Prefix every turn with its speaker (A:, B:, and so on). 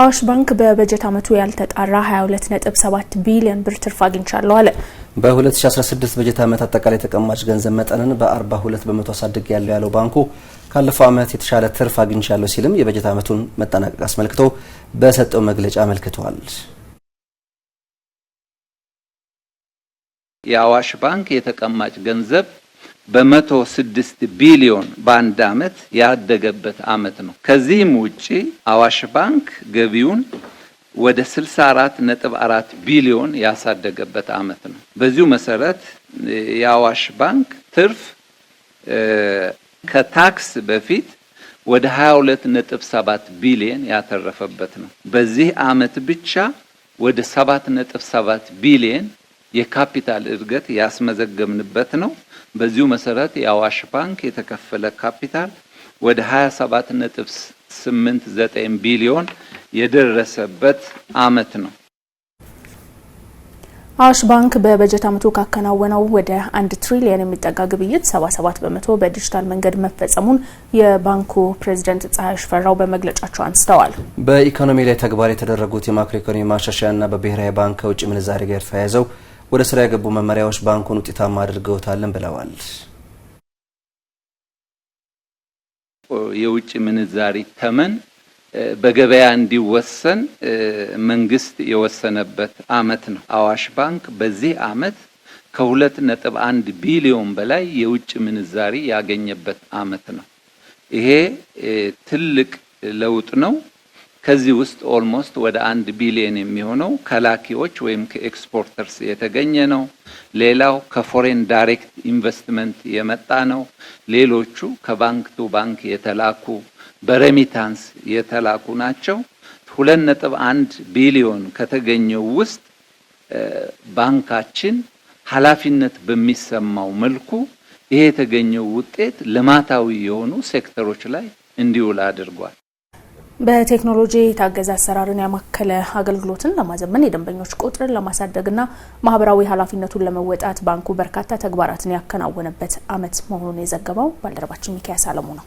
A: አዋሽ ባንክ በበጀት ዓመቱ ያልተጣራ 22.7 ቢሊዮን ብር ትርፍ አግኝቻለሁ አለ።
B: በ2016 በጀት ዓመት አጠቃላይ ተቀማጭ ገንዘብ መጠንን በ42 በመቶ አሳድግ ያለው ያለው ባንኩ ካለፈው ዓመት የተሻለ ትርፍ አግኝቻለሁ ሲልም የበጀት ዓመቱን መጠናቀቅ አስመልክቶ በሰጠው መግለጫ አመልክተዋል።
C: የአዋሽ ባንክ የተቀማጭ ገንዘብ በመቶ ስድስት ቢሊዮን በአንድ አመት ያደገበት አመት ነው። ከዚህም ውጪ አዋሽ ባንክ ገቢውን ወደ 64 ነጥብ 4 ቢሊዮን ያሳደገበት አመት ነው። በዚሁ መሰረት የአዋሽ ባንክ ትርፍ ከታክስ በፊት ወደ 22 ነጥብ 7 ቢሊዮን ያተረፈበት ነው። በዚህ አመት ብቻ ወደ 7 ነጥብ 7 ቢሊዮን የካፒታል እድገት ያስመዘገብንበት ነው። በዚሁ መሰረት የአዋሽ ባንክ የተከፈለ ካፒታል ወደ 27.89 ቢሊዮን የደረሰበት አመት ነው።
A: አዋሽ ባንክ በበጀት አመቱ ካከናወነው ወደ አንድ ትሪሊየን የሚጠጋ ግብይት 77 በመቶ በዲጂታል መንገድ መፈጸሙን የባንኩ ፕሬዚደንት ፀሐይ ሽፈራው በመግለጫቸው አንስተዋል።
B: በኢኮኖሚ ላይ ተግባር የተደረጉት የማክሮ ኢኮኖሚ ማሻሻያና በብሔራዊ ባንክ ከውጭ ምንዛሬ ጋር ተያይዘው ወደ ስራ የገቡ መመሪያዎች ባንኩን ውጤታማ አድርገውታለን ብለዋል።
C: የውጭ ምንዛሪ ተመን በገበያ እንዲወሰን መንግስት የወሰነበት አመት ነው። አዋሽ ባንክ በዚህ አመት ከሁለት ነጥብ አንድ ቢሊዮን በላይ የውጭ ምንዛሪ ያገኘበት አመት ነው። ይሄ ትልቅ ለውጥ ነው። ከዚህ ውስጥ ኦልሞስት ወደ አንድ ቢሊየን የሚሆነው ከላኪዎች ወይም ከኤክስፖርተርስ የተገኘ ነው። ሌላው ከፎሬን ዳይሬክት ኢንቨስትመንት የመጣ ነው። ሌሎቹ ከባንክ ቱ ባንክ የተላኩ በሬሚታንስ የተላኩ ናቸው። ሁለት ነጥብ አንድ ቢሊዮን ከተገኘው ውስጥ ባንካችን ኃላፊነት በሚሰማው መልኩ ይሄ የተገኘው ውጤት ልማታዊ የሆኑ ሴክተሮች ላይ እንዲውል አድርጓል።
A: በቴክኖሎጂ የታገዘ አሰራርን ያማከለ አገልግሎትን ለማዘመን የደንበኞች ቁጥርን ለማሳደግና ማህበራዊ ኃላፊነቱን ለመወጣት ባንኩ በርካታ ተግባራትን ያከናወነበት ዓመት መሆኑን የዘገበው ባልደረባችን ሚካያስ አለሙ ነው።